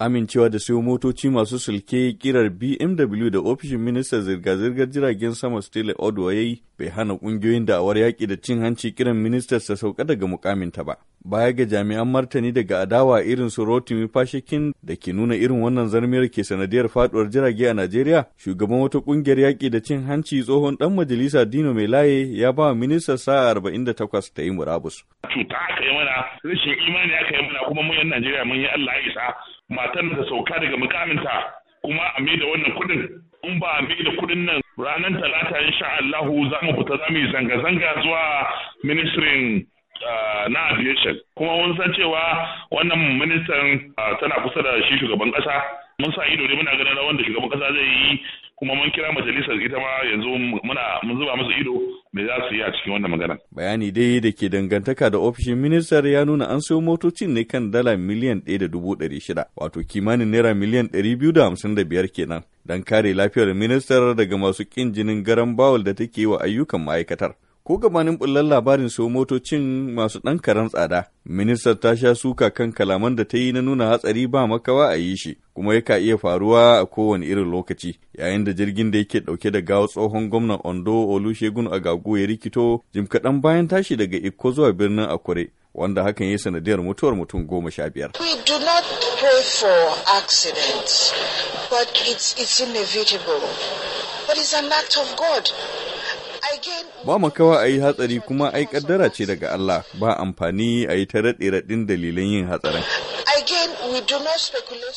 amincewa da sayo motoci masu sulke kirar BMW da ofishin ministan zirga-zirgar jiragen sama Stella Odwa ya yi bai hana ƙungiyoyin da'awar yaƙi da cin hanci kiran ministan sa sauka daga mukaminta ba. Baya ga jami'an martani daga adawa irin su Rotimi Fashikin da ke nuna irin wannan zarmiyar ke sanadiyar faduwar jirage a Najeriya, shugaban wata kungiyar yaƙi da cin hanci tsohon ɗan majalisa Dino Melaye ya ba wa ministan sa 48 ta yi murabus. Cuta aka yi mana, rashin imani aka yi mana kuma mu 'yan Najeriya mun yi Allah ya isa matan da sauka daga mukaminta kuma a mai da wannan kuɗin in ba a da kuɗin nan ranar talata insha Allahu za mu fita za mu zanga-zanga zuwa ministrin ah, na aviation kuma mun san cewa wannan ministan ah, tana kusa da shi shugaban kasa mun sa ido ne muna ganin rawan da shugaban kasa zai yi kuma mun kira majalisar ita ma yanzu muna mun zuba musu ido me za su yi a cikin wannan magana. Bayani dai da ke dangantaka da ofishin ministar ya nuna an sayo motocin ne kan dala miliyan ɗaya da dubu ɗari shida, wato kimanin naira miliyan ɗari biyu da hamsin da biyar kenan, don kare lafiyar ministar daga masu ƙin jinin garan bawul da take wa ayyukan ma'aikatar. ko gabanin bullar labarin so motocin masu ɗan karen tsada. Ministar ta sha suka kan kalaman da ta yi na nuna hatsari ba makawa a yi shi, kuma yaka iya faruwa a kowane irin lokaci, yayin da jirgin da yake ɗauke da gawo tsohon gwamnan Ondo Olusegun Agago ya rikito jim kaɗan bayan tashi daga Ikko zuwa birnin Akure. wanda hakan ya yi sanadiyar mutuwar mutum goma sha biyar. We for accidents, but it's, it's inevitable. But it's an act of God. Ba kawa a yi hatsari kuma ai kaddara ce daga Allah ba amfani a yi ta raɗe-raɗin dalilan yin hatsarin.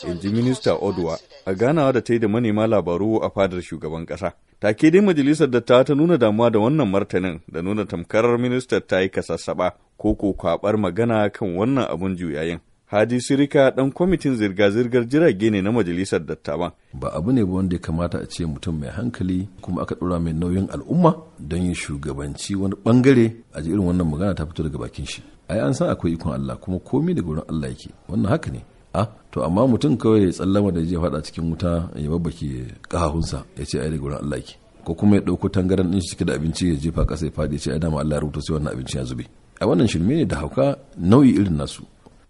In ji Minista Odwa a ganawa da ta yi da manema labaru a fadar shugaban ƙasa. Take dai majalisar da ta ta nuna damuwa da wannan martanin da nuna tamkar Minista ta yi kasassaba ko ko kwabar magana kan wannan abun juyayin. Hadi Sirika ɗan kwamitin zirga-zirgar jirage ne na majalisar dattawan. Ba abu ne ba wanda ya kamata a ce mutum mai hankali kuma aka ɗora mai nauyin al'umma don yin shugabanci wani ɓangare a ji irin wannan magana ta fito daga bakin shi. Ai an san akwai ikon Allah kuma komi daga wurin Allah yake wannan haka ne. a to amma mutum kawai ya tsallama da ya faɗa cikin wuta ya babbake ƙahahunsa ya ce ai daga wurin Allah yake. Ko kuma ya ɗauko tangaran ɗin shi cike da abinci ya jefa ƙasa ya faɗi ya ce ai dama Allah ya rubuta sai wannan abinci ya zube. A wannan shirme ne da hauka nau'i irin nasu.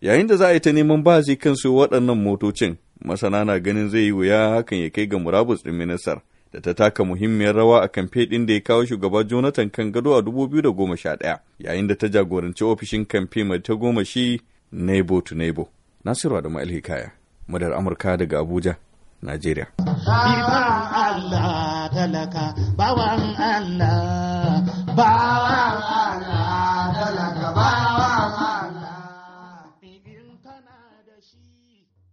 Yayin da za a yi ta neman bazi kan su waɗannan motocin, masana na ganin zai yi wuya hakan ya kai ga murabus ɗin ministar da ta taka muhimmiyar rawa a kamfe ɗin da ya kawo shugaba Jonathan kan gado a ɗaya, yayin da ta jagoranci ofishin kamfe mai ta goma shi Nebo to Nebo. Nasiru Adamu Alhikaya, Madar Amurka daga Abuja, Najeriya.